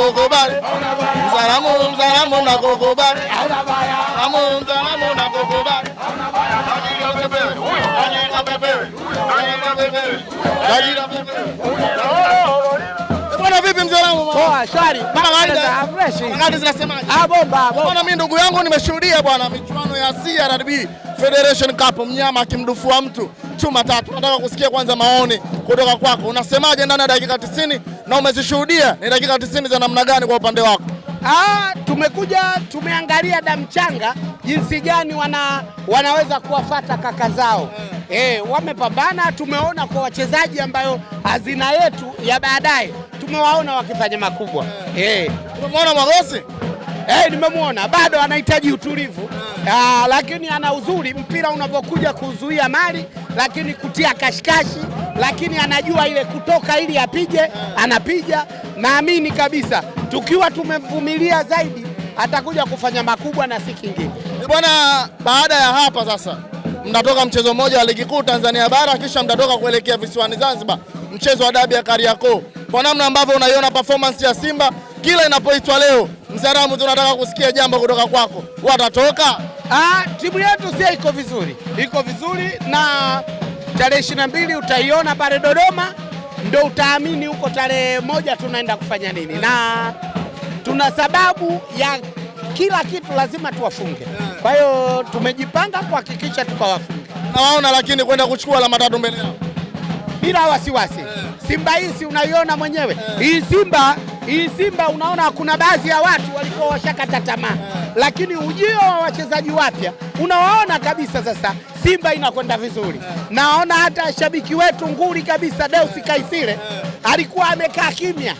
kukubali mzalamu Bwana vipi Poa, shwari. zinasemaje? Ah, bomba. Bwana mimi ndugu yangu nimeshuhudia bwana michuano ya CRB Federation Cup mnyama akimdufua mtu chuma tatu. Nataka kusikia kwanza maoni kutoka kwako. Unasemaje ndani ya dakika 90? na umezishuhudia ni dakika 90 za namna gani kwa upande wako? Ah, tumekuja tumeangalia Damchanga jinsi gani wana, wanaweza kuwafata kaka zao yeah. Hmm. E, wamepambana. Tumeona kwa wachezaji ambayo hazina yetu ya baadaye tumewaona wakifanya makubwa yeah. Hmm. E. Tumemwona Mwagosi Hey, eh, nimemwona bado anahitaji utulivu yeah. Hmm. lakini ana uzuri mpira unapokuja kuzuia mali, lakini kutia kashikashi lakini anajua ile kutoka ili apige, anapiga. Naamini kabisa tukiwa tumemvumilia zaidi atakuja kufanya makubwa na si kingine bwana. Baada ya hapa sasa, mnatoka mchezo mmoja wa ligi kuu Tanzania bara, kisha mtatoka kuelekea visiwani Zanzibar, mchezo wa dabi ya Kariakoo. Kwa namna ambavyo unaiona performance ya Simba kila inapoitwa leo, Msaramu, tunataka kusikia jambo kutoka kwako, watatoka? Ah, timu yetu si iko vizuri, iko vizuri na tarehe ishirini na mbili utaiona pale Dodoma, ndio utaamini huko tarehe moja tunaenda kufanya nini, na tuna sababu ya kila kitu lazima tuwafunge. Eh. Kwa hiyo tumejipanga kuhakikisha tukawafunge. Nawaona lakini kwenda kuchukua alama tatu mbele yao bila wasiwasi. Eh. Simba hisi unaiona mwenyewe eh. hii Simba hii Simba, unaona kuna baadhi ya watu walikuwa washakata tamaa lakini ujio wa wachezaji wapya unawaona kabisa sasa Simba inakwenda vizuri. Naona hata shabiki wetu nguri kabisa Deusi Kaisile alikuwa amekaa kimya,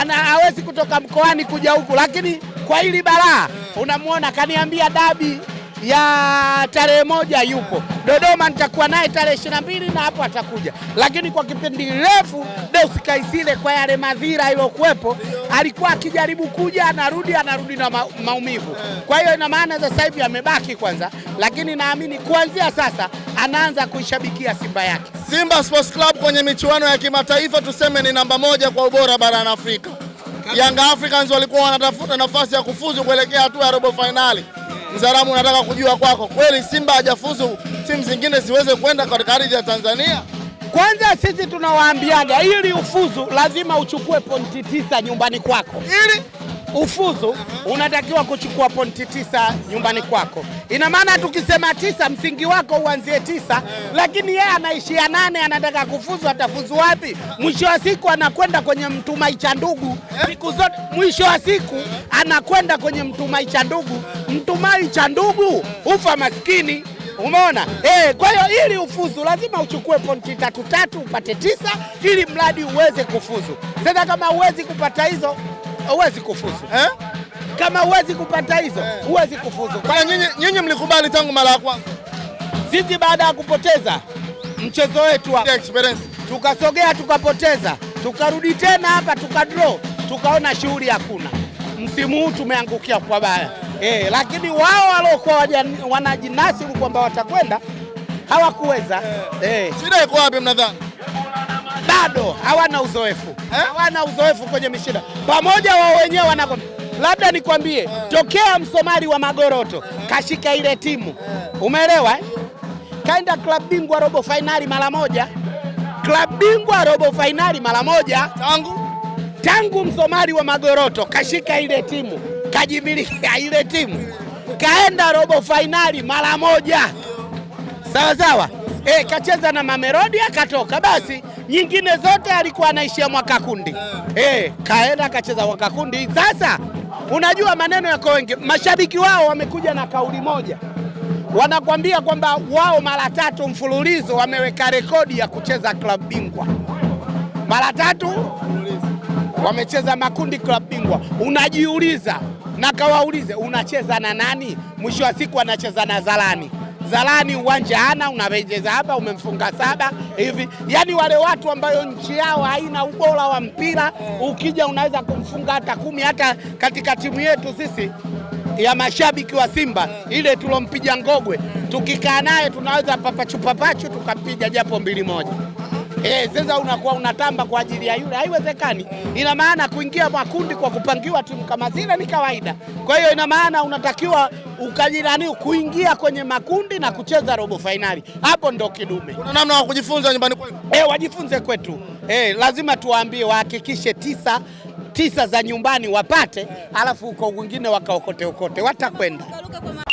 ana hawezi kutoka mkoani kuja huku, lakini kwa hili balaa unamwona, kaniambia dabi ya tarehe moja yupo Dodoma, nitakuwa naye tarehe ishirini na mbili na hapo atakuja, lakini kwa kipindi refu Deus Kaisile kwa yale madhira aliyokuwepo alikuwa akijaribu kuja, anarudi anarudi na maumivu. Kwa hiyo ina maana sasa hivi amebaki kwanza, lakini naamini kuanzia sasa anaanza kuishabikia Simba yake. Simba Sports Club kwenye michuano ya kimataifa tuseme ni namba moja kwa ubora barani Afrika. Yanga Africans walikuwa wanatafuta nafasi ya kufuzu kuelekea hatua ya robo fainali. Mzaramo, nataka kujua kwako, kweli Simba hajafuzu timu zingine ziweze kwenda katika ardhi ya Tanzania? Kwanza sisi tunawaambiaga ili ufuzu lazima uchukue pointi tisa nyumbani kwako ili ufuzu unatakiwa kuchukua pointi tisa nyumbani kwako. Ina maana tukisema tisa, msingi wako uanzie tisa, lakini yeye anaishia nane, anataka kufuzu. Atafuzu wapi? Mwisho wa siku anakwenda kwenye mtumai cha ndugu siku zote. Mwisho wa siku anakwenda kwenye mtumai cha ndugu. Mtumai cha ndugu ufa maskini. Umeona? Eh, kwa hiyo ili ufuzu lazima uchukue pointi tatu tatu, upate tisa, ili mradi uweze kufuzu. Sasa kama uwezi kupata hizo huwezi kufuzu eh? Kama huwezi kupata hizo eh. huwezi eh, kufuzu. Kwa nyinyi nyinyi mlikubali tangu mara ya kwanza. Sisi baada ya kupoteza mchezo wetu wa experience tukasogea tukapoteza tukarudi tena hapa tukadraw tukaona shughuli hakuna. Msimu huu tumeangukia kwa baya eh, lakini wao waliokuwa wanajinasiru kwamba watakwenda hawakuweza eh. Eh. Shida iko wapi mnadhani? bado hawana uzoefu eh? hawana uzoefu kwenye mishida pamoja, wao wenyewe wana Labda nikwambie eh, tokea msomali wa Magoroto eh, kashika ile timu eh, umeelewa eh? kaenda klab bingwa robo fainali mara moja, klab bingwa robo fainali mara moja tangu tangu msomali wa Magoroto kashika ile timu kajimilika ile timu kaenda robo fainali mara moja sawa eh, kacheza na mamerodi akatoka basi nyingine zote alikuwa anaishia Mwakakundi eh. eh, kaenda akacheza kundi Sasa unajua maneno yako, wengi mashabiki wao wamekuja na kauli moja, wanakwambia kwamba wao mara tatu mfululizo wameweka rekodi ya kucheza klabu bingwa mara tatu wamecheza makundi klabu bingwa. Unajiuliza na kawaulize, unacheza na nani? Mwisho wa siku anacheza na Zalani. Zalani uwanja hana, unarejeza hapa, umemfunga saba hivi. Yani wale watu ambayo nchi yao haina ubora wa mpira, ukija unaweza kumfunga hata kumi. Hata katika timu yetu sisi ya mashabiki wa Simba ile tulompiga Ngogwe, tukikaa naye tunaweza papachupapachu tukapiga japo mbili moja. Eh, sasa unakuwa unatamba kwa ajili ya yule, haiwezekani. Ina maana kuingia makundi kwa kupangiwa timu kama zile ni kawaida. Kwa hiyo ina maana unatakiwa ukajirani kuingia kwenye makundi na kucheza robo fainali, hapo ndo kidume. Kuna namna wa kujifunza nyumbani kwetu. Eh, wajifunze kwetu. Eh, lazima tuwaambie wahakikishe tisa tisa za nyumbani wapate, alafu uko wengine wakaokote okote watakwenda.